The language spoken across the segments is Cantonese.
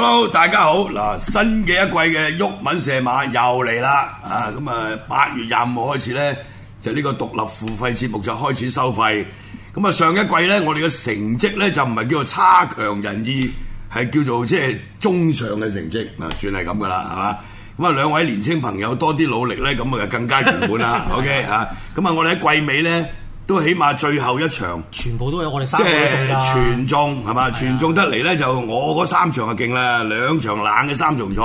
Hello，大家好！嗱，新嘅一季嘅《旭文射馬》又嚟啦！啊，咁啊，八月廿五號開始咧，就呢個獨立付費節目就開始收費。咁啊，上一季咧，我哋嘅成績咧就唔係叫做差強人意，係叫做即係中上嘅成績啊，算係咁噶啦，係嘛。咁啊，兩位年青朋友多啲努力咧，咁啊更加圓滿啦。 OK 啊，咁啊，我哋喺季尾咧。都起碼最後一場，全部都有我哋三個都中啦。即係、就是、全中係嘛？啊？全中得嚟咧，就我嗰三場就勁啦。兩場冷嘅三重彩，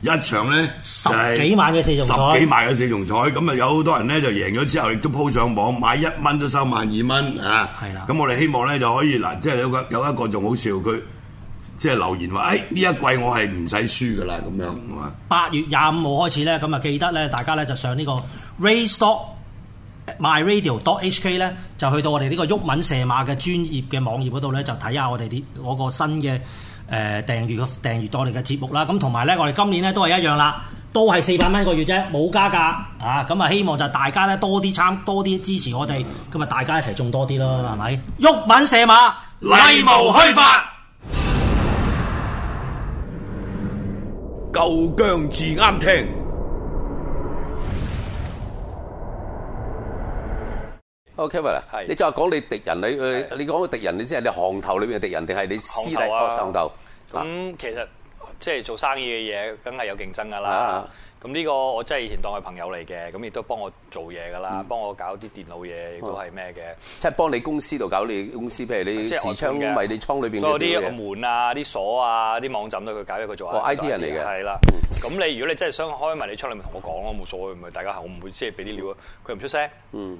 一場咧十幾萬嘅四重彩，十幾萬嘅四重彩。咁啊，有好多人咧就贏咗之後，亦都鋪上網買一蚊都收萬二蚊啊！係、啊、啦。咁我哋希望咧就可以嗱，即係有個有一個仲好笑，佢即係留言話：，誒、哎、呢一季我係唔使輸噶啦咁樣。八月廿五號開始咧，咁啊記得咧，大家咧就上呢個 Race Stock My Radio .dot .hk 咧就去到我哋呢個毓民射馬嘅專業嘅網頁嗰度咧，就睇下我哋啲我個新嘅誒訂閱嘅訂閱多嚟嘅節目啦。咁同埋咧，我哋今年咧都係一樣啦，都係四百蚊一個月啫，冇加價啊。咁啊，希望就大家咧多啲參多啲支持我哋，今日大家一齊中多啲咯，係咪？毓民射馬，禮無虛發，夠姜至啱聽。個 Kevin 你講你敵人，你講個敵人，你知係你行頭裏面嘅敵人，定係你師弟個行頭、啊？咁、啊嗯、其實即係做生意嘅嘢，梗係有競爭噶啦。啊咁、這、呢個我真係以前當係朋友嚟嘅，咁亦都幫我做嘢噶啦，幫、嗯、我搞啲電腦嘢，亦、啊、都係咩嘅？即係幫你公司度搞你公司，譬如你時昌、迷你倉裏邊嗰啲嘢。所以啲門啊、啲鎖啊、啲網站都佢搞，畀佢做下。IT 人嚟嘅。係啦、啊，咁你、嗯嗯、如果你真係想開迷你倉，面同我講咯，冇所謂，咪大家行，我唔會即係俾啲料。佢唔出聲。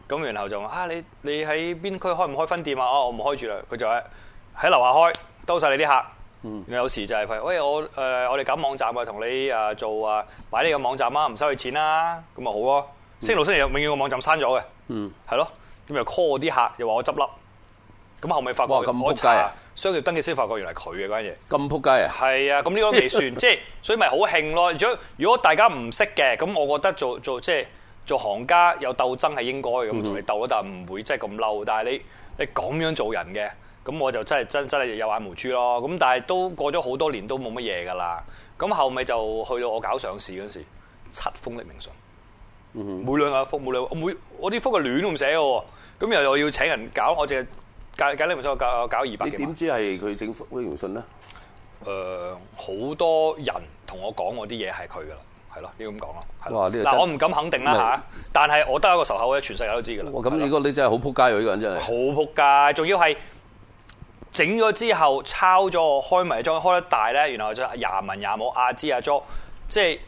咁然後就話啊，你你喺邊區開唔、嗯啊、開、開分店啊？啊我唔開住啦。佢就喺樓下開，多晒你啲客。嗯、有時就係、是、喂我，誒、呃、我哋搞網站咪同你誒、啊、做啊買呢個網站啊，唔收你錢啊，咁咪好咯。星期六星期日永遠個網站刪咗嘅，嗯，係咯。咁、嗯、又 call 啲客，又話我執笠。咁後尾發覺，哇咁撲街啊！商業登記先發覺原來佢嘅嗰樣嘢。咁撲街啊！係啊，咁呢樣未算，即係所以咪好興咯。如 果如果大家唔識嘅，咁我覺得做做，做即係做行家有鬥爭係應該咁同你鬥，但係唔會即係咁嬲。但係你你咁樣做人嘅。咁我就真係真真係有眼無珠咯，咁但係都過咗好多年都冇乜嘢噶啦。咁後尾就去到我搞上市嗰陣時，七封匿名信，每兩日封，每兩每個福我啲封嘅亂咁唔寫嘅喎，咁又又要請人搞，我淨係簡簡單匿名信、呃、我搞搞二百幾。你點知係佢整封匿名信咧？誒，好多人同我講我啲嘢係佢噶啦，係咯，要咁講咯。哇！嗱，我唔敢肯定啦嚇，但係我得一個仇口全世界都知噶啦。哇！咁你嗰你真係好撲街啊！呢、這個人真係好撲街，仲要係。整咗之後，抄咗我開埋迷你裝，開得大咧，然後就廿文廿五亞支亞裝，即係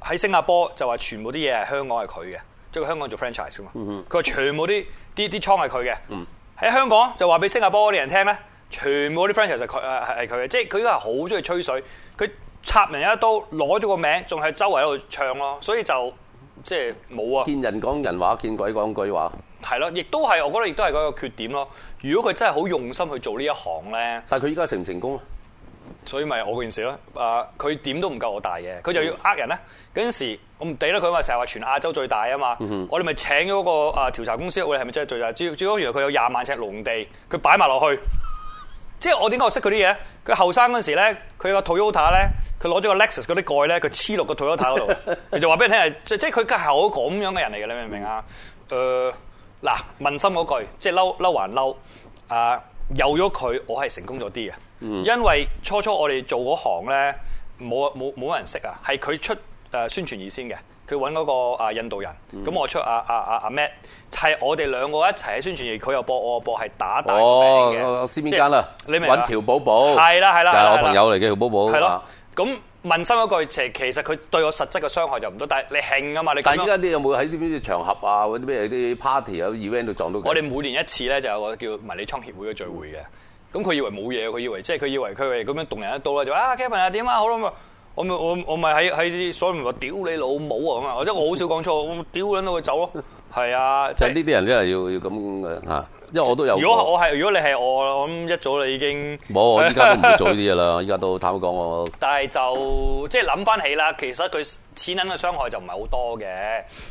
喺新加坡就話全部啲嘢係香港係佢嘅，即係、就是、香港做 franchise 啊嘛。佢話全部啲啲啲倉係佢嘅，喺、mm -hmm. 香港就話俾新加坡啲人聽咧，全部啲 franchise 係佢佢嘅，即係佢依家係好中意吹水，佢插人一刀攞咗個名，仲係周圍喺度唱咯，所以就即係冇啊。見人講人話，見鬼講鬼話。係咯，亦都係，我覺得亦都係嗰個缺點咯。如果佢真係好用心去做呢一行咧，但佢依家成唔成功啊？所以咪我件事咯。啊、呃，佢點都唔夠我大嘅，佢就要呃人咧。嗰陣時，我唔畀啦，佢咪成日話全亞洲最大啊嘛、嗯。我哋咪請咗、個啊調查公司，我哋係咪真係最大？主要主要，佢有廿萬尺農地，佢擺埋落去。即係我點解我識佢啲嘢？佢後生嗰陣時咧，佢個 Toyota 咧，佢攞咗個 Lexus 嗰啲蓋咧，佢黐落個 Toyota 度。佢 就話俾你聽係，即即係佢家係我咁樣嘅人嚟嘅，你明唔明啊？誒、嗯。呃嗱，問心嗰句，即係嬲嬲還嬲。啊，有咗佢，我係成功咗啲嘅。嗯、因為初初我哋做嗰行咧，冇冇冇人識啊，係佢出誒宣傳易先嘅。佢揾嗰個啊印度人，咁、嗯、我出阿阿阿阿 Matt，係我哋兩個一齊喺宣傳易，佢又播，我又播，係打打嘅。哦，我知邊間、就係、你明啦？揾喬寶寶，係啦係啦，係我朋友嚟嘅喬寶寶。係咯、啊，咁、啊。問心嗰句，其其實佢對我實質嘅傷害就唔多，但係你㷫啊嘛，你。但係依家你有冇喺啲邊場合啊，或者咩啲 party 啊 event 度撞到？佢。我哋每年一次咧，就有個叫迷你倉協會嘅聚會嘅，咁、嗯、佢以為冇嘢，佢以為即係佢以為佢係咁樣動人一刀。啦，就啊 Kevin 啊點啊好啦，我我我我咪喺喺所以咪話屌你老母啊嘛，或者我好少講錯，我屌撚到佢走咯。係啊，就呢、是、啲、就是、人真係要要咁嘅嚇，因為我都有個。如果我係如果你係我，咁一早你已經冇，依家都唔會做呢啲嘢啦，依 家都坦白講我。但係就即係諗翻起啦，其實佢錢銀嘅傷害就唔係好多嘅，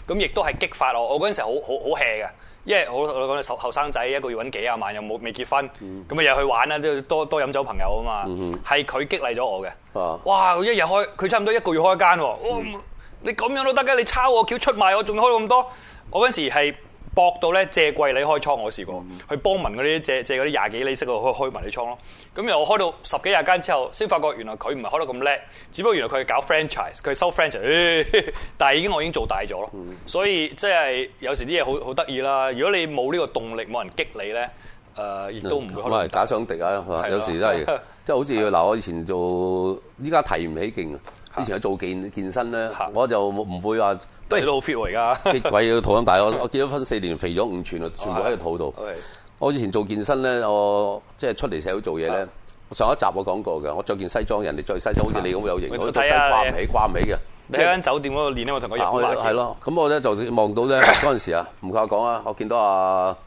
咁亦都係激發我。我嗰陣時好好好 hea 嘅，因為我我講你後生仔一個月揾幾廿萬，又冇未結婚，咁啊又去玩啦，都多多飲酒朋友啊嘛。係、嗯、佢激勵咗我嘅，啊、哇！佢一日開，佢差唔多一個月開一間喎。你咁樣都得㗎。你抄我橋出賣我，仲開咁多？我嗰陣時係搏到咧借貴你開倉，我試過、嗯、去幫民嗰啲借借嗰啲廿幾釐息咯，去開埋你倉咯。咁又開到十幾廿間之後，先發覺原來佢唔係開得咁叻，只不過原來佢係搞 franchise，佢收 franchise、哎。但係已經我已經做大咗咯。所以即係有時啲嘢好好得意啦。如果你冇呢個動力，冇人激你咧，誒亦都唔會可能係假想敵啊！有時都係即係好似嗱，我以前做，依家提唔起勁啊！以前喺做健健身咧、啊，我就唔會話，都係老 feel。而家，極鬼要肚咁大， 我我結咗婚四年，肥咗五寸全，全部喺個肚度。哦 okay. 我以前做健身咧，我即係出嚟社會做嘢咧。上一集我講過嘅，我着件西裝，人哋著西裝好似你咁有型，啊、我著西裝掛唔起，掛唔起嘅。你喺間酒店嗰度練咧，我同佢入。係咯，咁、嗯、我咧就望到咧嗰陣時啊，唔怪講啊，我見到阿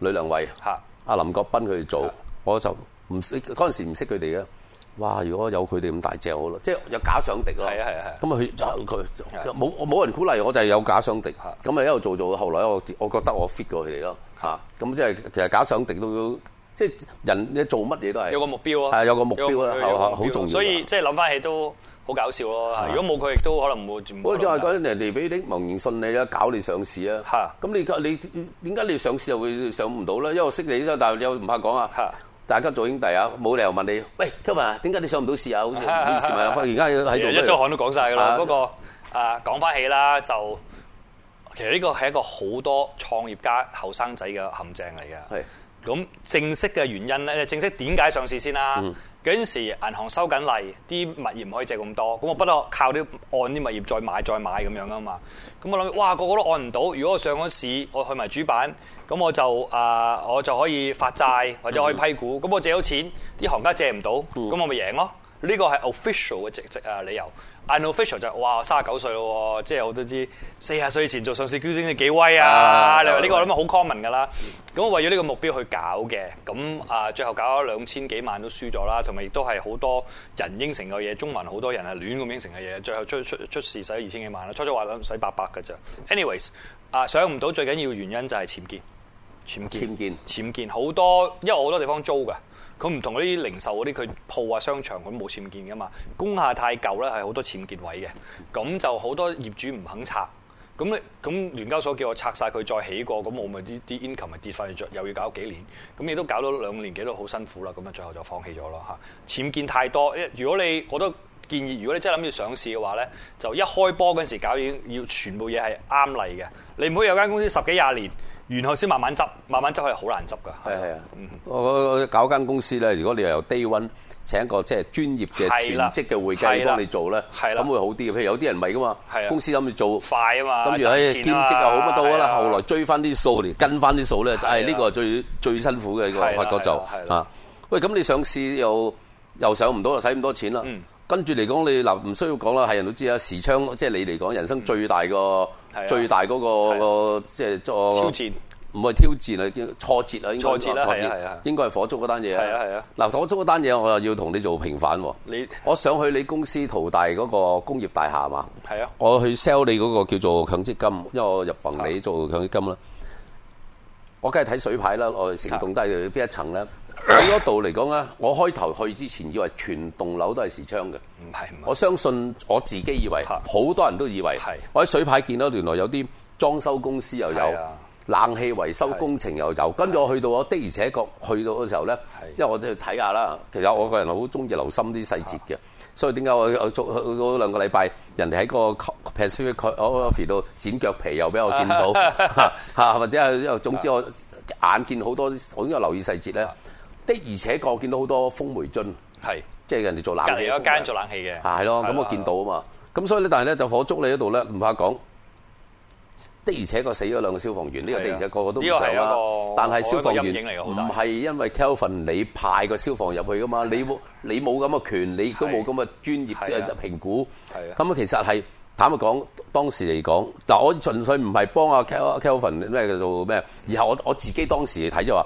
呂良偉，阿林國斌佢哋做、啊，我就唔識嗰陣時唔識佢哋嘅。哇！如果有佢哋咁大隻好咯，即係有假想敵咯。係啊係啊係。咁啊佢就佢冇冇人鼓勵，我就係有假想敵。咁啊，啊，啊，啊，啊、就係、啊一路做做，後來我我覺得我 fit 過佢哋咯。咁、啊啊、即係其實假想敵都要即係人你做乜嘢都係有個目標啊。係有個目標，個目標啊，好、啊、重要。所以即係諗翻起都好搞笑咯、啊。如果冇佢，亦都可能會全部。我係講人哋俾啲蒙延信你啦，搞你上市啊。咁你你點解你，你上市又會上唔到咧？因為我識你啦，但你又唔怕講啊。大家做兄弟啊，冇理由問你，喂，今日點解你上唔到市啊？好似唔好意思啦，而家喺度。壹週刊都講晒噶啦，不過啊，講返起啦，就其實呢個係一個好多創業家後生仔嘅陷阱嚟嘅。咁正式嘅原因咧，正式點解上市先啦？嗯嗰陣時銀行收緊例，啲物業唔可以借咁多，咁我不得靠啲按啲物業再買再買咁樣啊嘛。咁我諗，哇，個個都按唔到。如果我上咗市，我去埋主板，咁我就啊、呃、我就可以發債或者可以批股。咁我借到錢，啲行家借唔到，咁我咪贏咯。呢個係 official 嘅直直啊理由。i n official 就，哇，三十九歲咯喎，即係我都知四十歲前做上市高升嘅幾威啊！你話呢個諗啊好 common 噶啦，咁、嗯、為咗呢個目標去搞嘅。咁啊最後搞咗兩千幾萬都輸咗啦，同埋亦都係好多人應承嘅嘢，中文好多人係亂咁應承嘅嘢，最後出出出事使咗二千幾萬啦，初初話想使八百㗎啫。Anyways，啊想唔到最緊要原因就係僭建僭建僭建好多，因為我好多地方租㗎。佢唔同嗰啲零售嗰啲，佢鋪啊商場佢冇僭建噶嘛，工廈太舊咧，係好多僭建位嘅，咁就好多業主唔肯拆，咁咁聯交所叫我拆晒佢再起過，咁我咪啲啲 income 咪跌翻去，又要搞幾年，咁亦都搞到兩年幾都好辛苦啦，咁啊最後就放棄咗咯嚇，僭建太多，如果你我都建議，如果你真係諗住上市嘅話咧，就一開波嗰時搞已經要全部嘢係啱例嘅，你唔好有間公司十幾廿年。然後先慢慢執，慢慢執係好難執噶。係啊、嗯，我搞間公司咧，如果你由 day one 請一個即係專業嘅全職嘅會計幫你做咧，咁會好啲。譬如有啲人咪係噶嘛，公司諗住做快啊嘛，跟住喺兼職又好乜到噶啦，後來追翻啲數嚟跟翻啲數咧，係呢、呢個係最最辛苦嘅個發覺就啊。喂，咁你上市又又上唔到，又使咁多錢啦。跟住嚟講，你嗱唔需要講啦，係人都知啊。時昌即係你嚟講，人生最大個。最大嗰、嗰個，即係、啊就是、超戰唔係挑戰，唔係挑戰啦，挫折應該挫折啦，係啊，啊，應該係火燭嗰單嘢。係啊係啊，嗱、啊，火燭嗰單嘢，我又要同你做平反。你、啊、我想去你公司淘大嗰個工業大廈嘛？係啊，我去 sell 你嗰個叫做強積金，因為我入行你做強積金啦、啊。我梗係睇水牌啦，我成棟都係邊一層咧？喺嗰度嚟講咧，我開頭去之前以為全棟樓都係時昌嘅，唔係，唔係。我相信我自己以為，好多人都以為。我喺水牌見到，原來有啲裝修公司又有冷氣維修工程又有。跟住我去到，的我的而且確去到嘅時候咧，因為我就去睇下啦。其實我個人好中意留心啲細節嘅，所以點解我我做嗰兩個禮拜，人哋喺個 pet shop 度剪腳皮又俾我見到，嚇 或者總之我眼見好多，我有留意細節咧。的而且確見到好多風梅樽，係即係人哋做冷氣，人哋間做冷氣嘅，係咯。咁我見到啊嘛，咁所以咧，但係咧就火燭你嗰度咧，唔怕講的而且確死咗兩個消防員，呢、呢個的而且確個個都唔想但係消防員唔係因為 Kelvin 你派個消防入去噶嘛，的你冇你冇咁嘅權，你都冇咁嘅專業嘅評估。咁其實係坦白講，當時嚟講，嗱，我純粹唔係幫阿 Kel Kelvin 咩叫做咩，然後我我自己當時睇就話。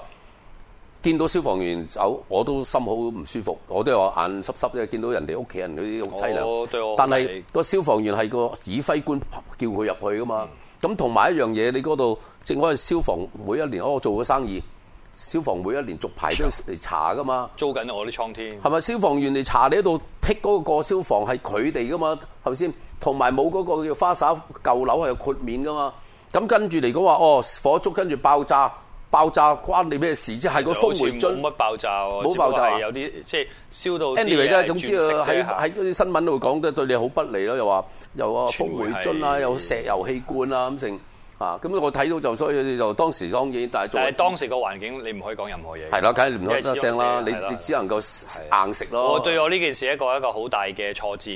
見到消防員走，我都心好唔舒服，我都有眼濕濕啫。見到人哋屋企人嗰啲好淒涼，哦、但係、個消防員係個指揮官叫佢入去噶嘛。咁同埋一樣嘢，你嗰度正我係消防每一年，我做嘅生意，消防每一年續牌都要嚟查噶嘛。租緊我啲倉添。係咪消防員嚟查你喺度剔嗰個消防係佢哋噶嘛？係咪先？同埋冇嗰個叫花灑舊樓係豁免噶嘛？咁跟住嚟講話哦，火燭跟住爆炸。爆炸關你咩事？即係個鋒迴樽冇爆炸，爆炸爆炸有啲即係燒到。anyway 咧，總之喺喺嗰啲新聞度講都對你好不利囉。又話又鋒迴樽啊，有石油氣罐啊，咁剩啊。咁我睇到就，所以就當時,已經當,時你當然，但係當時個環境你唔可以講任何嘢。係啦，梗係唔出得聲啦。你你只能夠硬食咯。我對我呢件事一個一個好大嘅挫折，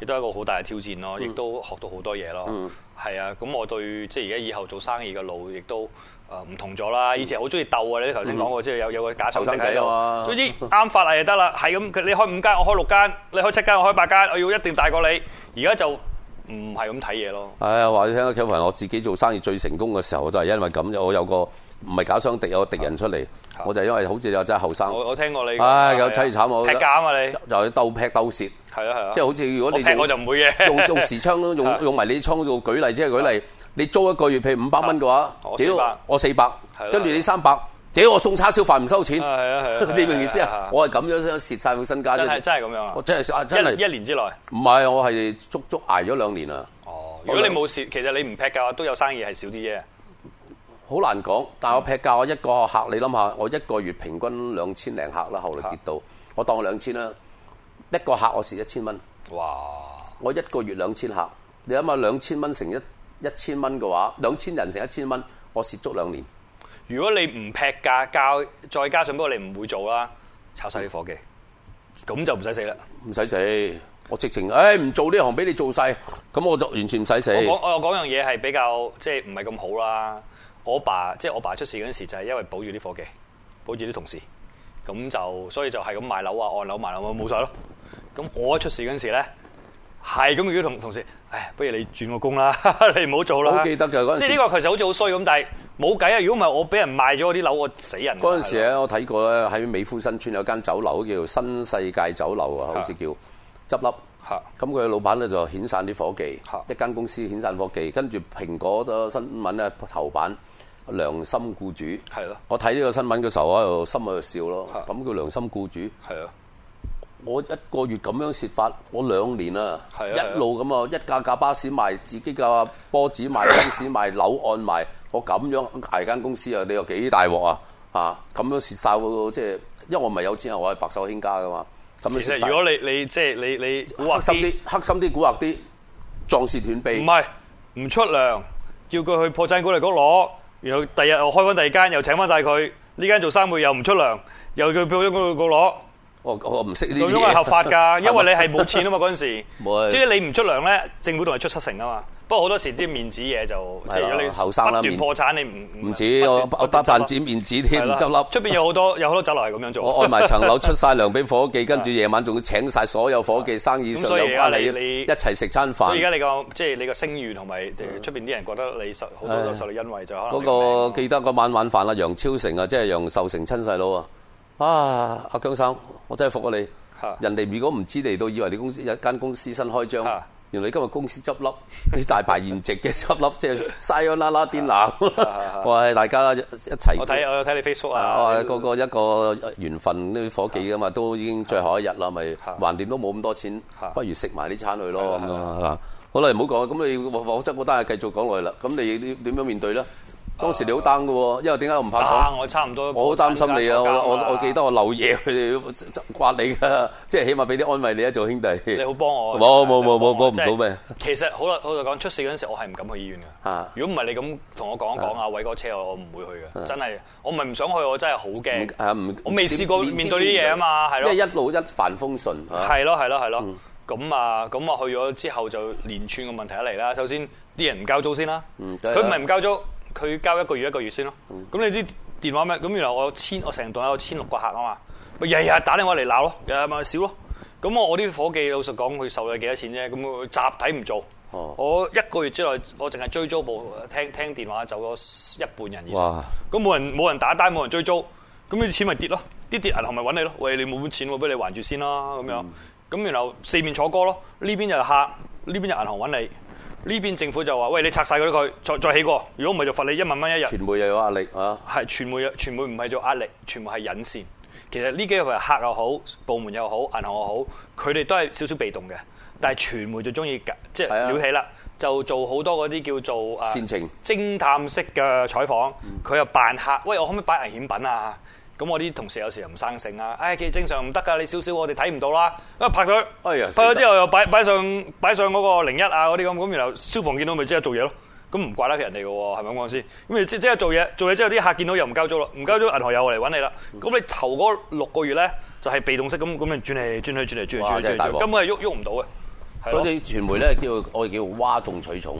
亦都係一個好大嘅挑戰咯，亦都學到好多嘢咯。係啊，咁、嗯、我對即係而家以後做生意嘅路，亦都。誒唔同咗啦！以前好中意鬥啊，你啲頭先講過，嗯、即係有有個假手喺度。總之啱發啦就得啦，係 咁。你開五間，我開六間；你開七間，我開八間。我要一定大過你。而家就唔係咁睇嘢咯。係啊，話你聽啊，Kevin，我自己做生意最成功嘅時候，就係、是、因為咁。我有個唔係假想敵，有個敵人出嚟，我就因為好似有真係後生。我我聽過你。唉，有淒慘喎！睇架啊嘛、啊、你。就去鬥劈鬥蝕。係啊係啊。即係、就是、好似如果你劈我，我就唔會嘅。用 用時昌咯，用用埋你啲倉做舉例，即係舉例。你租一個月，譬如五百蚊嘅話，屌我四百，跟住你三百，屌我送叉燒飯唔收錢， 你明唔明意思啊？我係咁樣先蝕晒副身家，真係真係咁樣啊！我真係啊，真係一,一年之內，唔係我係足足挨咗兩年啊！哦，如果你冇蝕，其實你唔劈價都有生意係少啲嘅，好難講。但係我劈價，我一個客你諗下，我一個月平均兩千零客啦，後來跌到我當我兩千啦，一個客我蝕一千蚊。哇！我一個月兩千客，你諗下兩千蚊乘一。一千蚊嘅話，兩千人成一千蚊，我蝕足兩年。如果你唔劈價交，再加上不過你唔會做啦，炒晒啲伙計，咁就唔使死啦，唔使死。我直情誒唔做呢行，俾你做晒，咁我就完全唔使死。我我講樣嘢係比較即係唔係咁好啦。我爸即係、就是、我爸出事嗰時就係、是、因為保住啲伙計，保住啲同事，咁就所以就係咁賣樓啊，按樓賣樓啊，冇晒咯。咁我一出事嗰時咧，係咁如果同同事，唉，不如你轉個工啦，你唔好做啦。好記得噶嗰陣時，即係呢個其實好似好衰咁，但係冇計啊！如果唔係我俾人賣咗我啲樓，我死人。嗰陣時咧，我睇過咧喺美孚新村有間酒樓叫做新世界酒樓啊，好，好似叫執笠。咁佢，啊、老闆咧就遣散啲伙計，啊、一間公司遣散伙計，跟住蘋果新聞呢，頭版良心僱主。係咯。我睇呢個新聞嘅時候，我喺度心喺度笑咯。咁、啊、叫良心僱主。係啊。我一個月咁樣蝕法，我兩年啊，一路咁啊，一架架巴士賣，自己架波子賣，公司 賣樓按賣，我咁樣捱間公司啊，你又幾大鑊啊？嚇、啊、咁樣蝕晒喎！即、就、係、是、因為我唔係有錢啊，我係白手興家噶嘛。其實如果你你即係、就是、你你蠱惑黑心啲，黑心啲蠱惑啲，壯士斷臂。唔係唔出糧，叫佢去破產股嚟攞，然後第日又開翻第二間，又請翻晒佢。呢間做三個月又唔出糧，又叫佢去破產股嚟攞。我我唔識呢啲嘢。咁係合法㗎，因為你係冇錢啊嘛，嗰陣時。即係、就是、你唔出糧咧，政府仲係出七成啊嘛。不過好多時啲面子嘢就即係你不。後生啦，不斷破產你唔唔止我搭面子不外面子添執笠。出邊有好多有好多酒樓係咁樣做。我外埋層樓出晒糧俾伙計，跟住夜晚仲要請晒所有伙計生意上就關你。你一齊食餐飯。而家你個即係你個、就是、聲譽同埋，即係出邊啲人覺得你受好多受你恩惠就可能。嗰個記得嗰晚晚飯啦，楊超成啊，即係楊受成親細佬啊。啊，阿姜生，我真係服啊你！人哋如果唔知嚟到，都以為你公司有一間公司新開張，原來你今日公司執笠，你 大排筵席嘅執笠，即係嘥咗啦啦啲藍，話大家一齊。睇我，我有睇你 Facebook 啊！啊個一個一個緣分啲伙計噶嘛，都已經最後一日啦，咪還掂都冇咁多錢，不如食埋啲餐去咯咁咯，好啦，唔好講，咁你我真我得係繼續講落去啦。咁你點點樣面對咧？當時你好 down 嘅喎，因為點解我唔怕？拖、啊？我差唔多，我好擔心你啊！我我我記得我漏嘢，佢哋要刮你嘅，即係起碼俾啲安慰你一做兄弟。你好幫我。冇冇冇冇，幫唔到咩？其實 好啦，好就講出事嗰陣時，我係唔敢去醫院嘅。如果唔係你咁同我講一講啊，偉哥車我唔會去嘅。真係，我唔係唔想去，我真係好驚。我未試過面對呢啲嘢啊嘛，係咯。即係一路一帆風順嚇。係咯係咯係咯，咁啊咁啊去咗之後就連串嘅問題嚟啦。首先啲人唔交租先啦，佢唔係唔交租。佢交一個月一個月先咯，咁、嗯、你啲電話咩？咁原來我有千我成棟有千六個客啊嘛，咪日日打電話嚟鬧咯，日日咪少咯。咁我啲伙計老實講，佢受咗幾多錢啫？咁集體唔做，哦、我一個月之內我淨係追租部聽聽電話走咗一半人以上，咁冇人冇人打單，冇人追租，咁啲錢咪跌咯，啲跌銀行咪搵你咯，喂，你冇錢，我俾你還住先啦，咁樣，咁、嗯、然後四面坐歌四面楚歌咯，呢邊就客，呢邊就銀行揾你。呢邊政府就話，喂，你拆晒嗰啲佢，再再起過。如果唔係就罰你一萬蚊一日。傳媒又有壓力啊，係傳媒啊，傳媒唔係做壓力，傳媒係引線。其實呢幾日嚟，客又好，部門又好，銀行又好，佢哋都係少少被動嘅。但係傳媒就中意、嗯、即係撩起啦，就做好多嗰啲叫做煽情、啊、偵探式嘅採訪。佢又扮客，喂，我可唔可以擺危險品啊？咁我啲同事有時又唔生性啊，哎，其實正常唔得噶，你少少我哋睇唔到啦，咁拍咗，拍咗、哎、之後又擺擺上擺上嗰個零一啊嗰啲咁，咁然後消防見到咪即刻做嘢咯，咁唔怪得人哋㗎喎，係咪咁講先？咁即即刻做嘢，做嘢之後啲客見到又唔交租啦，唔交租銀行又嚟揾你啦，咁你頭嗰六個月咧就係被動式咁咁，樣轉嚟轉去轉嚟轉轉去轉，根本係喐喐唔到嘅。嗰啲、啊、傳媒咧叫我哋叫嘩眾取寵，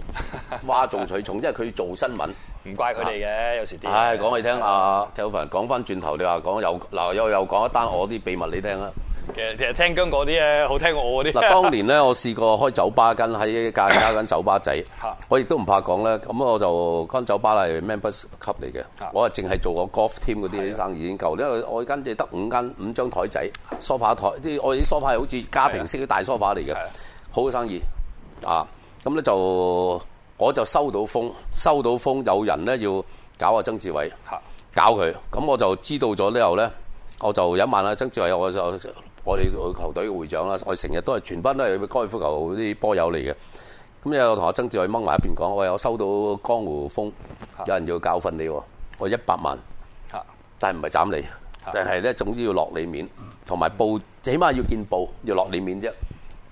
嘩眾取寵，因為佢做新聞唔怪佢哋嘅，有時啲。係、哎、講、啊、你聽，啊 Kevin 講翻轉頭，你話講又嗱又又講一單我啲秘密你聽啦。其實其實聽姜哥啲咧，好聽過我啲。嗱、 啊，當年咧我試過開酒吧，跟喺間揸緊酒吧仔，我亦都唔怕講咧。咁我就開酒吧係 members 級嚟嘅，我啊淨係做個 golf team 嗰啲生意已經夠，因為我間就得五間五張台仔梳化台我啲梳化係好似家庭式嘅大梳化嚟嘅。好好生意啊！咁咧就我就收到風，收到風有人咧要搞阿曾志偉，搞佢咁我就知道咗之後咧，我就有一晚阿曾志偉，我就我哋我，我球隊會長啦，我成日都係全班都係高爾夫球啲波友嚟嘅。咁有同阿曾志偉掹埋一邊講，我有收到江湖風，有人要教訓你，我一百萬，但係唔係斬你，但係咧總之要落你面，同埋報，嗯、起碼要見報，要落你面啫。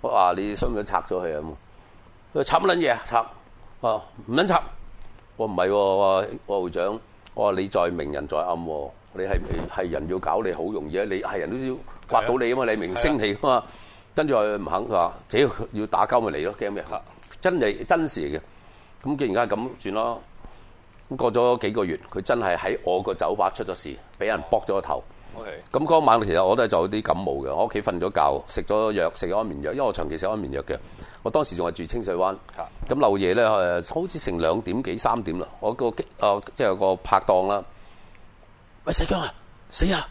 我話你想唔想拆咗佢啊？佢拆乜撚嘢啊？拆哦唔撚拆，我唔係喎。我會長，我話你在明人在暗喎，你係係人要搞你好容易啊！你係人都要刮到你啊嘛，你明星嚟噶嘛，跟住佢唔肯，佢話：屌要，要打交咪嚟咯？驚咩？嚇，真係真事嚟嘅。咁既然而家係咁，算咯。咁過咗幾個月，佢真係喺我個酒吧出咗事，俾人爆咗個頭。OK，咁嗰晚其實我都係做啲感冒嘅。我屋企瞓咗覺，食咗藥，食咗安眠藥，因為我長期食安眠藥嘅。我當時仲係住清水灣，咁漏夜咧，誒，好似成兩點幾三點啦。我個激誒、呃，即係有個拍檔啦，喂，細姜啊，死啊！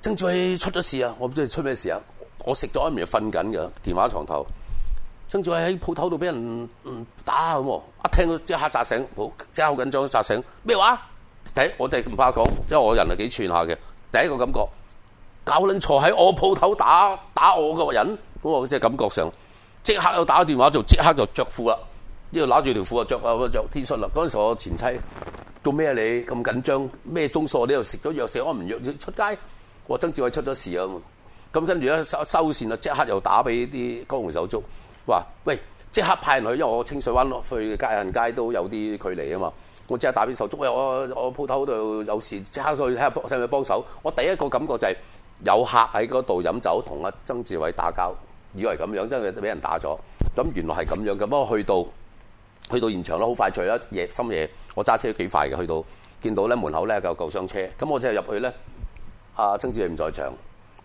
曾志偉出咗事啊！我唔知佢出咩事啊！我食咗安眠藥瞓緊嘅，電話床頭。曾志偉喺鋪頭度俾人打咁，一、啊、聽到即刻扎醒，好即刻好緊張，扎醒咩話？誒，我哋唔怕講，即係我人係幾串下嘅。第一個感覺，搞卵坐喺我鋪頭打打我個人，咁我即係感覺上，即刻又打個電話就即刻就着褲啦，呢度揦住條褲啊着啊，着天恤啦。嗰陣時我前妻做咩你咁緊張？咩鐘數？你又我又食咗藥，食我唔約，要出街。我話曾志偉出咗事啊，咁跟住咧收收綫啊，即刻又打俾啲江湖手足，話喂即刻派人去，因為我清水灣落去嘉人街都有啲距離啊嘛。我即係打邊手捉，因為我我鋪頭度有事，即刻去睇下幫使唔使幫手。我第一個感覺就係、是、有客喺嗰度飲酒，同阿曾志偉打交，以為咁樣真係俾人打咗。咁原來係咁樣。咁啊去到去到現場啦，好快除啦，夜深夜，我揸車幾快嘅，去到見到咧門口咧有救傷車。咁我即係入去咧，阿曾志偉唔在場，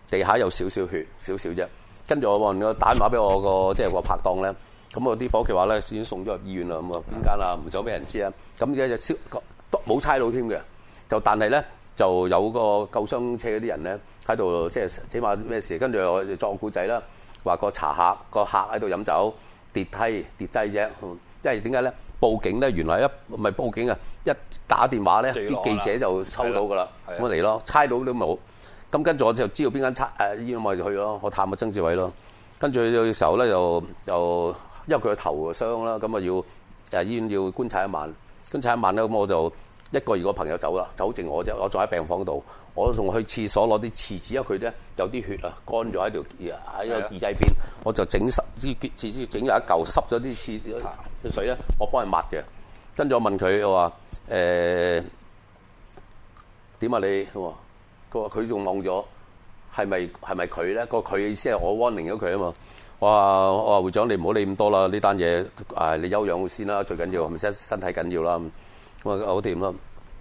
地下有少少血，少少啫。跟住我喎打電話俾我個即係個拍檔咧。咁我啲伙計話咧，已經送咗入醫院啦。咁啊，邊間啊，唔想俾人知啊。咁而家就，都冇猜到添嘅。就但係咧，就有個救傷車嗰啲人咧，喺度即係，起碼咩事？跟住我就撞古仔啦，話個茶客個客喺度飲酒跌梯跌低啫。嗯，因為點解咧？報警咧，原來一唔係報警啊，一打電話咧，啲記者就收到噶啦，我嚟咯，猜到都冇。咁跟住我就知道邊間茶誒醫院，我咪去咯，我探下曾志偉咯。跟住有時候咧，就……又～又因為佢個頭個傷啦，咁啊要誒醫院要觀察一晚，觀察一晚咧，咁我就一個二個朋友走啦，走剩我啫，我仲喺病房度，我仲去廁所攞啲廁紙啊，因為佢咧有啲血啊，乾咗喺條喺個耳仔邊，我就整濕啲潔廁紙，整咗一嚿濕咗啲廁紙，嚇水咧，我幫佢抹嘅。跟住我問佢我話誒點啊你？佢話佢仲忘咗，係咪係咪佢咧？個佢嘅意思係我 warning 咗佢啊嘛。我話我話會長你唔好理咁多啦，呢單嘢你休養先啦，最緊要係咪先身體緊要啦？咁啊好掂啦。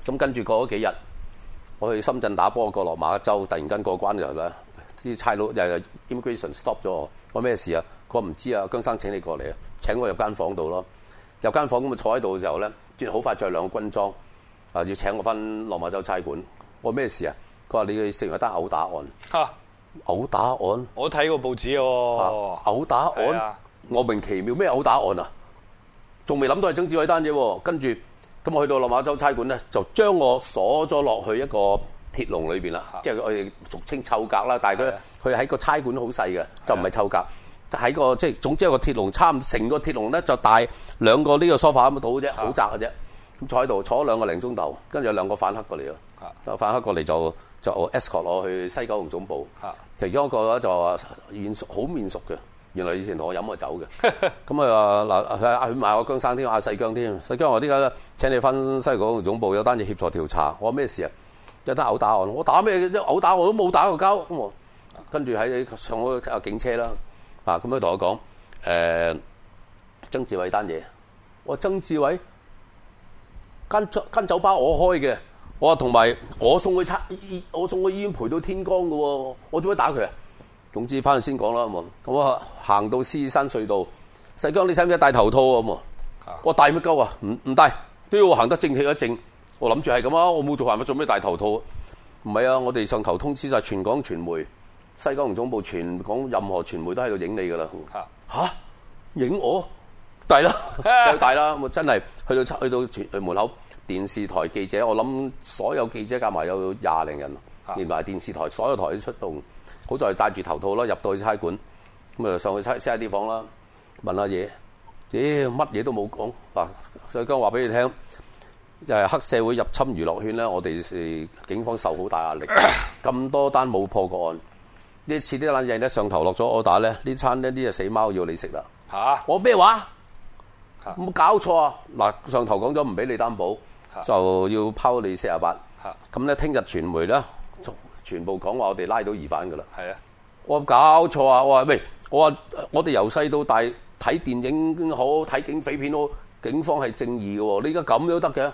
咁跟住過嗰幾日，我去深圳打波過落馬洲，突然間過關就咧啲差佬又 immigration stop 咗我。我咩事啊？佢唔知啊。姜生請你過嚟啊，請我入間房度咯。入間房咁咪坐喺度嘅時候咧，好快著兩個軍裝啊，要請我翻落馬洲差館。我咩事啊？佢話你去食完一單毆打案。啊毆打案，我睇過報紙喎、哦。毆、啊、打案，莫名其妙咩毆打案啊？仲未諗到係曾志偉單啫，跟住咁我去到落馬洲差館咧，就將我鎖咗落去一個鐵籠裏邊啦，即係我哋俗稱臭格啦。但係咧，佢喺個差館好細嘅，就唔係臭格，喺個即係總之有個鐵籠，差唔成個鐵籠咧就帶兩個呢個梳化 f 咁嘅度啫，好窄嘅啫。咁坐喺度坐兩個零鐘頭，跟住有兩個反黑過嚟咯，就反黑過嚟就。就 escort 我去西九龍總部，其、啊、中一個就面熟，好面熟嘅，原來以前同我飲過酒嘅。咁啊嗱，佢嗌佢買個姜生添，嗌細姜添，細姜話：呢家請你翻西九龍總部有單嘢協助調查。我話咩事啊？有單毆打案，我打咩？一毆打，我都冇打過交。跟住喺上我警車啦。啊，咁佢同我講：誒，曾志偉單嘢，我曾志偉間間酒吧我開嘅。我同埋，我送佢差，我送佢醫院陪到天光㗎喎，我做咩打佢啊？總之翻去先講啦，咁、嗯、啊、嗯，行到獅山隧道，細江，你使唔使戴頭套啊？咁、嗯、我戴乜鳩啊？唔唔戴，都要行得正氣一正。我諗住係咁啊，我冇做犯法，做咩戴頭套？唔係啊，我哋上頭通知晒全港傳媒、西江總部全、全港任何傳媒都喺度影你噶啦。嚇，影、啊、我？大啦， 大啦！我、嗯、真係去到去到，去到，去到門口。電視台記者，我諗所有記者夾埋有廿零人，啊、連埋電視台所有台都出動。好在戴住頭套啦，入到去差館咁啊上去差差啲房啦，問下嘢，咦乜嘢都冇講，啊。所以今話俾你聽，就係、是、黑社會入侵娛樂圈咧，我哋是、呃、警方受好大壓力。咁、啊、多單冇破個案，呢次啲冷嘢咧上頭落咗我打咧，呢餐呢，呢隻啊死貓要你食啦。嚇、啊！咩話？冇、啊、搞錯啊！嗱，上頭講咗唔俾你擔保，就要拋你四十八，咁咧聽日傳媒咧，全部講話我哋拉到疑犯噶啦。係啊，我搞錯啊！我話喂，我話我哋由細到大睇電影好，睇警匪片好，警方係正義嘅喎。你而家咁都得嘅？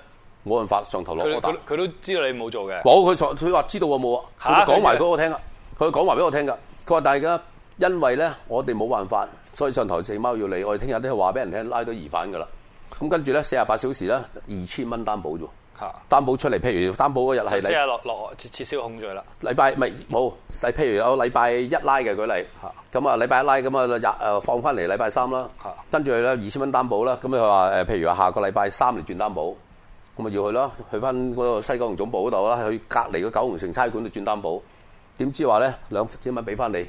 冇辦法。上頭落個佢，佢都知道你冇做嘅。冇，佢，佢話知道我冇啊。佢講埋俾我聽啊，佢講埋俾我聽㗎。佢話大家，因為咧，我哋冇辦法，所以上台四貓要你，我哋聽日都係話俾人聽，拉到疑犯㗎啦。咁跟住咧，四十八小時咧，二千蚊擔保啫喎，擔保出嚟，譬如擔保嗰日係你即係落落，撤銷控罪啦。禮拜唔係冇，細譬如有禮拜一拉嘅舉例，咁啊禮拜一拉，咁啊日放翻嚟禮拜三啦， 跟住咧二千蚊擔保啦，咁佢話譬如話下個禮拜三嚟轉擔保，咁咪要去咯，去翻嗰個西九龍總部嗰度啦，去隔離個九龍城差館度轉擔保，點知話咧兩千蚊俾翻你，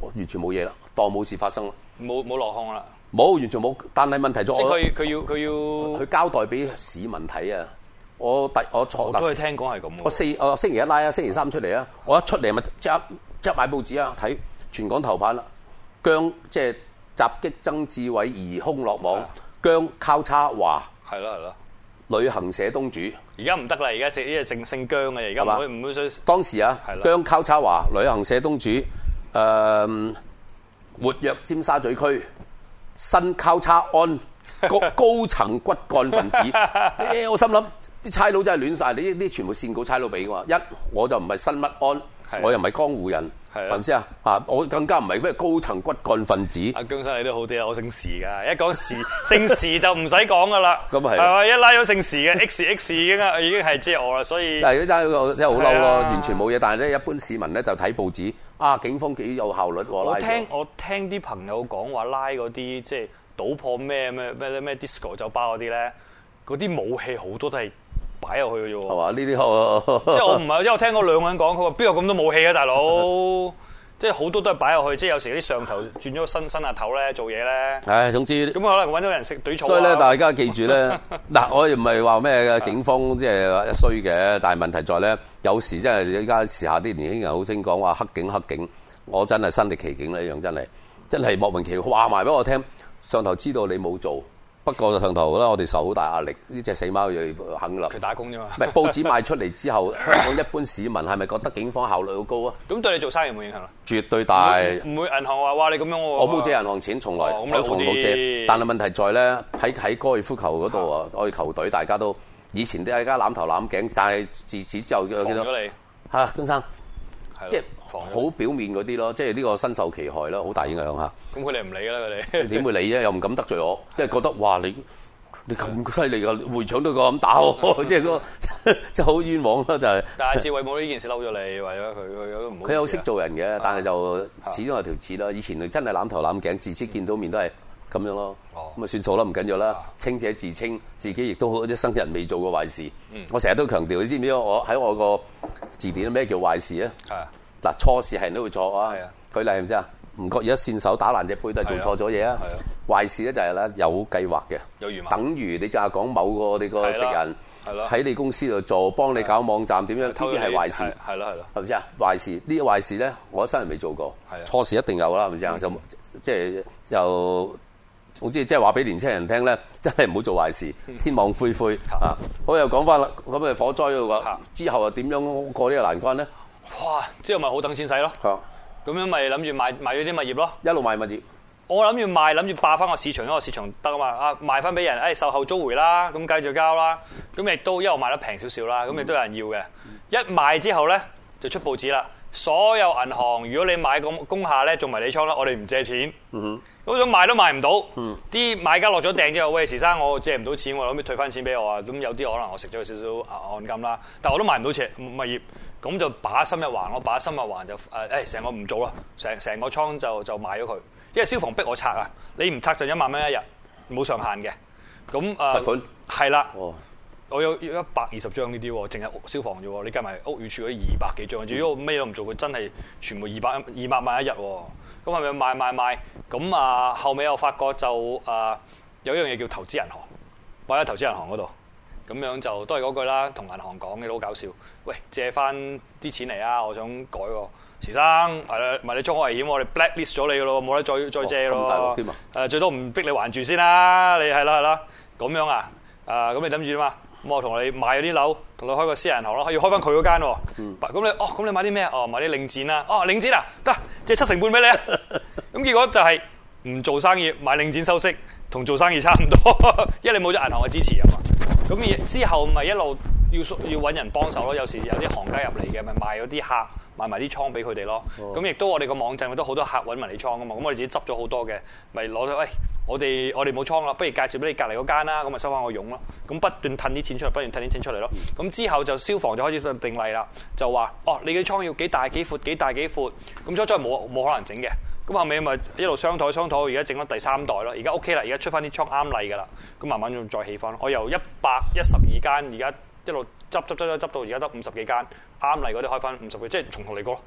我完全冇嘢啦，當冇事發生啦，冇冇落空啦。冇，完全冇。但係問題就係佢佢要佢要佢交代俾市民睇啊！我第我，我坐我都係聽講係咁我四我星期一拉啊，星期三出嚟啊，我一出嚟咪即刻即刻買報紙啊，睇全港頭版啦！姜即係襲擊曾志偉疑兇落網，姜交叉華，係咯係咯，旅行社東主。而家唔得啦，而家成啲係成姓姜嘅，而家唔會唔會想。當時啊，姜交叉華旅行社東主誒、呃，活躍尖沙咀區。新靠叉安高高層骨幹分子， 我心諗啲差佬真係亂曬，呢啲全部線稿差佬俾嘅，一我就唔係新乜安，是我又唔係江湖人。係，林生啊！啊，我更加唔係咩高層骨幹分子。阿姜生你都好啲啊，我姓時噶，一講時 姓時就唔使講噶啦。咁係，係嘛？係一拉咗姓時嘅 X X，已經係 已經係接我啦，所以。但係一拉個真係好嬲咯，完全冇嘢。但係咧，一般市民咧就睇報紙啊，警方幾有效率喎。拉我，聽我聽啲朋友講話，拉嗰啲即係賭破咩咩咩咩 disco 酒吧嗰啲咧，嗰啲武器好多都係擺入去啫喎，係嘛？呢啲 即係我唔係，因為我聽過兩個人講，佢話邊有咁多武器啊，大佬！ 即係好多都係擺入去，即係有時啲上頭轉咗個新新下頭咧做嘢咧。唉， 總之咁可能搵到人識懟錯。所以咧， 大家記住咧，嗱， 我又唔係話咩警方即係衰嘅， 但係問題在咧，有時真係依家時下啲年輕人好興講話黑警黑警，我真係身歷其境呢。一樣真係，真係莫名其妙話埋俾我聽，上頭知道你冇做。不過上頭啦，我哋受好大壓力，呢隻死貓又要肯立。佢打工啫嘛。唔係報紙賣出嚟之後， 香港一般市民係咪覺得警方效率好高啊？咁對你做生意有冇影響啊？絕對大。唔會銀行話，哇，你咁樣喎、啊。我冇借銀行錢，從來、哦哦嗯、我從來冇借。但係問題在咧，喺喺高爾夫球嗰度啊，我哋球隊大家都以前都係大家攬頭攬頸，但係自，自此之後又見到嚇，姜、啊、生，即係。好表面嗰啲咯，即係呢個身受其害咯，好大影響嚇。咁佢哋唔理啦，佢哋點會理啫？ 又唔敢得罪我，即 係覺得哇！你你咁犀利，又 回搶到個咁打我，即 係、嗰個即係好冤枉咯， 就係。但志偉冇呢件事嬲咗你，為咗佢佢好識做人嘅， 但係就始終有條刺咯。以前真係攬頭攬頸，自此見到面都係咁樣咯。咁、嗯、啊算數啦，唔緊要啦。嗯、清者自清，自己亦都好。一生人未做過壞事。嗯、我成日都強調，你知唔知我喺我個字典咩叫壞事啊？嗯嗱，錯事係人都會錯啊！舉例係咪先啊？唔覺意而家手打爛隻杯都係做錯咗嘢啊！壞事咧就係有計劃嘅，等於你就係講某個你個敵人喺你公司度做，幫你搞網站點樣？呢啲係壞事，係咯係咪先啊？壞事呢、呢個壞事咧，我一生人未做過。錯事一定有啦，係咪先？啊？就即係又總之，即係話俾年青人聽咧，真係唔好做壞事，天網恢恢啊！好又講翻啦，咁啊火災嘅話之後又點樣過呢個難關咧？哇！之後咪好等錢使咯，咁樣咪諗住賣賣咗啲物業咯，一路賣物業。我諗住賣，諗住霸翻個市場，嗰個市場得啊嘛。啊，賣翻俾人，誒、哎、售後租回啦，咁繼續交啦。咁亦都買一路賣得平少少啦。咁亦都有人要嘅。一賣之後咧，就出報紙啦。所有銀行，如果你買個工廈咧，做迷你倉啦，我哋唔借錢。嗯、哼。咁樣賣都賣唔到，啲、嗯、買家落咗訂之後，喂時生，我借唔到錢，我攞咩退翻錢俾我啊？咁有啲可能我食咗少少按金啦，但我都賣唔到切物業。咁就把心一橫，我把心一橫就誒誒，成個唔做咯，成成個倉就就賣咗佢。因為消防逼我拆啊，你唔拆就一萬蚊一日，冇上限嘅。咁誒，罰款係啦。我有一百二十張呢啲，淨係消防啫。你計埋屋宇署嗰二百幾張，如果我咩都唔做，佢真係全部二百二百萬一日。咁係咪賣賣賣？咁啊後尾我發覺就誒有一樣嘢叫投資銀行，擺喺投資銀行嗰度。咁樣就都係嗰句啦，同銀行講嘅都好搞笑。喂，借翻啲錢嚟啊！我想改喎，時生，咪你咪你，危險，我哋 blacklist 咗你噶咯，冇得再再借咯。咁、哦啊、最多唔逼你還住先啦。你係啦係啦，咁樣啊，啊咁你等住點嘛？咁、嗯、我同你買啲樓，同你開個私人銀行咯，可以開翻佢嗰間喎。咁、嗯啊、你哦，咁你買啲咩？哦，買啲領展啦，啊。哦，領展啊，得，借七成半俾你啊。咁 結果就係唔做生意買領展收息，同做生意差唔多，因為你冇咗銀行嘅支持啊嘛。咁之後咪一路要要揾人幫手咯，有時有啲行家入嚟嘅，咪賣咗啲客賣埋啲倉俾佢哋咯。咁、哦、亦都我哋個網站都好多客揾埋你倉噶嘛，咁我哋自己執咗好多嘅，咪攞咗。喂、哎，我哋我哋冇倉啦，不如介紹俾你隔離嗰間啦，咁咪收翻個傭咯。咁不斷褪啲錢出嚟，不斷褪啲錢出嚟咯。咁之後就消防就開始上定例啦，就話哦，你嘅倉要幾大幾闊，幾大幾闊，咁所以真係冇冇可能整嘅。咁後尾咪一路商討商討，而家整咗第三代咯。而家 OK 啦，而家出翻啲倉啱例噶啦。咁慢慢仲再起翻，我由一百一十二間，而家一路執執執執到而家得五十幾間，啱例嗰啲開翻五十幾，即係重頭嚟過。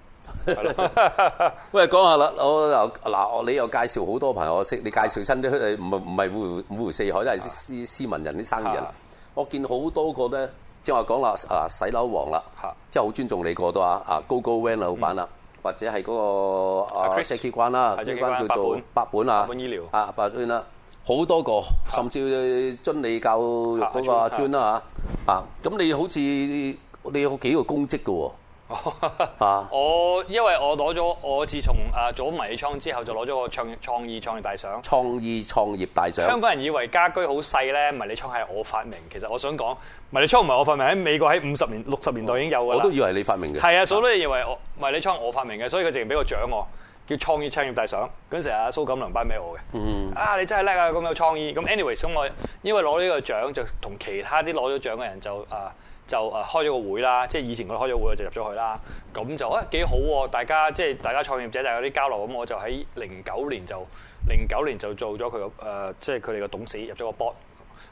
喂，講下啦，我嗱我你又介紹好多朋友我識，你介紹親啲唔係唔係五湖五湖四海都係啲斯文人啲生意人。啊、我見好多個咧，即係我話講啦啊洗樓王啦、啊，即係好尊重你個都啊啊 Go Go Van 老闆啦或者係嗰、那個 Chris，啊謝堅軍啦，堅軍叫做百本，本啊，百本醫啊百本啦、啊，好多個，啊、甚至尊理教嗰個阿啦啊咁、啊啊啊啊啊啊、你好似你有幾個公職㗎喎？ 啊、我，我因為我攞咗，我自從誒、啊、做咗迷你倉之後，就攞咗個創意創意創業大獎。創意創業大獎。香港人以為家居好細咧，迷你倉係我發明，其實我想講迷你倉唔係我發明，喺美國喺五十年、六十年代已經有嘅，我都以為你發明嘅。係啊，所以都以為我迷你倉我發明嘅，所以佢直情俾個獎我，叫創意創業大獎。嗰陣時阿蘇錦良頒俾我嘅。嗯。啊，你真係叻啊！咁有創意。咁 anyways，咁我因為攞呢個獎，就同其他啲攞咗獎嘅人就啊。就誒開咗個會啦，即係以前佢開開咗會我就入咗去啦，咁就誒幾、哎、好喎、啊，大家即係大家創業者大家有啲交流，咁我就喺零九年就零九年就做咗佢誒即係佢哋個董事入咗個 board，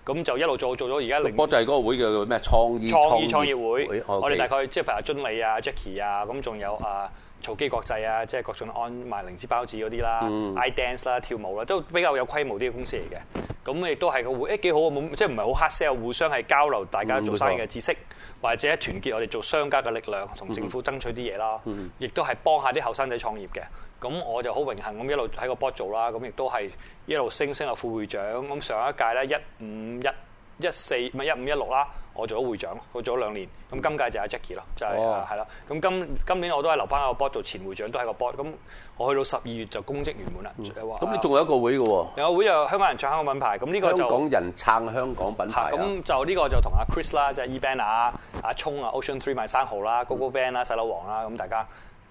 咁就一路做做咗而家零。board 就係嗰個會叫做咩創意創意創業會，我哋大概、okay. 即係譬如阿尊理啊、Jacky 啊，咁仲有啊。草姬國際啊，即係郭俊安賣靈芝包子嗰啲啦，I Dance 啦跳舞啦，都比較有規模啲嘅公司嚟嘅。咁亦都係個會，誒、欸、幾好啊！即係唔係好 hard sell，互相係交流大家做生意嘅知識，mm -hmm. 或者團結我哋做商家嘅力量，同政府爭取啲嘢啦。亦都係幫下啲後生仔創業嘅。咁我就好榮幸咁一路喺個 board 做啦。咁亦都係一路升升啊副會長。咁上一屆咧，一五一一四唔係一五一六啦。我做咗會長，我做咗兩年。咁今屆就阿 Jackie 咯、就是，就係係啦。咁、啊、今今年我都係留翻喺個 board 做前會長，都係個 board。咁我去到十二月就公職圓滿啦。咁、嗯嗯、你仲有一個會㗎喎？有會就香港人撐香港品牌。咁呢個就香港人撐香港品牌。咁就呢、這個就同阿 Chris 啦、e 嗯，即係 Evan 啊，阿聰啊，Ocean Three 賣生蠔啦 Gogo Van 啦，細佬王啦，咁大家。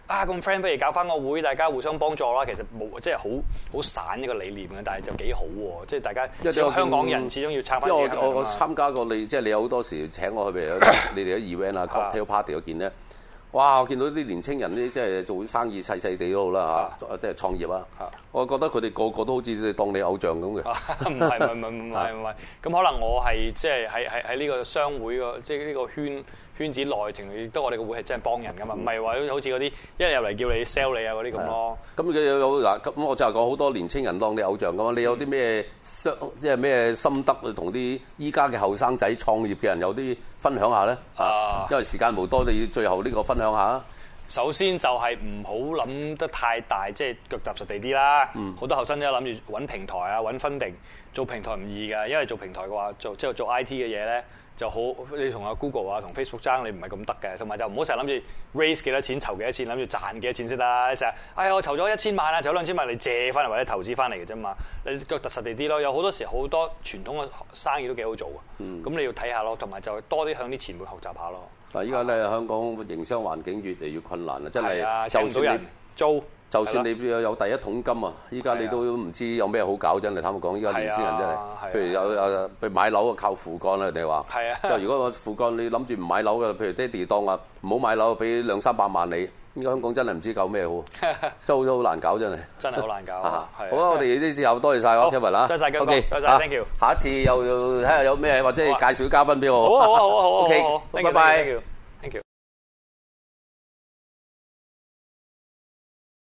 啊，咁 friend 不如搞翻個會，大家互相幫助啦。其實冇即係好好散呢個理念嘅，但係就幾好喎。即係大家係香港人，始終要拆翻自己。我我參加過你，嗯、即係你有好多時請我去譬如你哋嘅 event 啊 ，cocktail party 嗰件咧，哇！我見到啲年青人呢，即係做生意細細地嗰度啦，即係創業啊。 我覺得佢哋個個都好似當你偶像咁嘅。唔係唔係唔係唔係唔係。咁 可能我係即係喺喺喺呢個商會即係呢個圈。圈子內，情，要都我哋個會係真係幫人噶嘛，唔係話好似嗰啲一入嚟叫你 sell 你啊嗰啲咁咯。咁有嗱咁，我就係講好多年青人當你偶像咁嘛。你有啲咩即係咩心得同啲依家嘅後生仔創業嘅人有啲分享下咧？啊，因為時間無多，你最後呢個分享下。首先就係唔好諗得太大，即係腳踏實地啲啦。嗯，好多後生都諗住揾平台啊，揾 funding 做平台唔易㗎，因為做平台嘅話，做即係做 I T 嘅嘢咧。就好，你同阿 Google 啊，同 Facebook 爭你唔係咁得嘅，同埋就唔好成日諗住 raise 幾多錢，籌幾多錢，諗住賺幾多錢先得，你成日，哎呀，我籌咗一千萬啊，籌兩千萬你借翻嚟，或者投資翻嚟嘅啫嘛，你腳踏實地啲咯，有好多時好多傳統嘅生意都幾好做咁，嗯、你要睇下咯，同埋就多啲向啲前輩學習下咯。嗱，依家咧香港營商環境越嚟越困難啦，真係、啊，租唔到人租。就算你有第一桶金啊，依家你都唔知有咩好搞真係，坦白講，依家年輕人真係，譬如有有譬如買樓啊，靠父幹啦，你話，即係如果個父幹你諗住唔買樓嘅，譬如爹哋當啊，唔好買樓，俾兩三百萬你，依家香港真係唔知搞咩好， 真係好都好難搞真係。真係好難搞。難搞 好啦，我哋呢次，okay, okay，次又多謝晒我 Kevin 啦，多謝曬 Kevin，多謝曬姜哥，下一次又睇下有咩或者介紹啲嘉賓俾我。好、啊、okay，好、啊、好 OK 拜拜。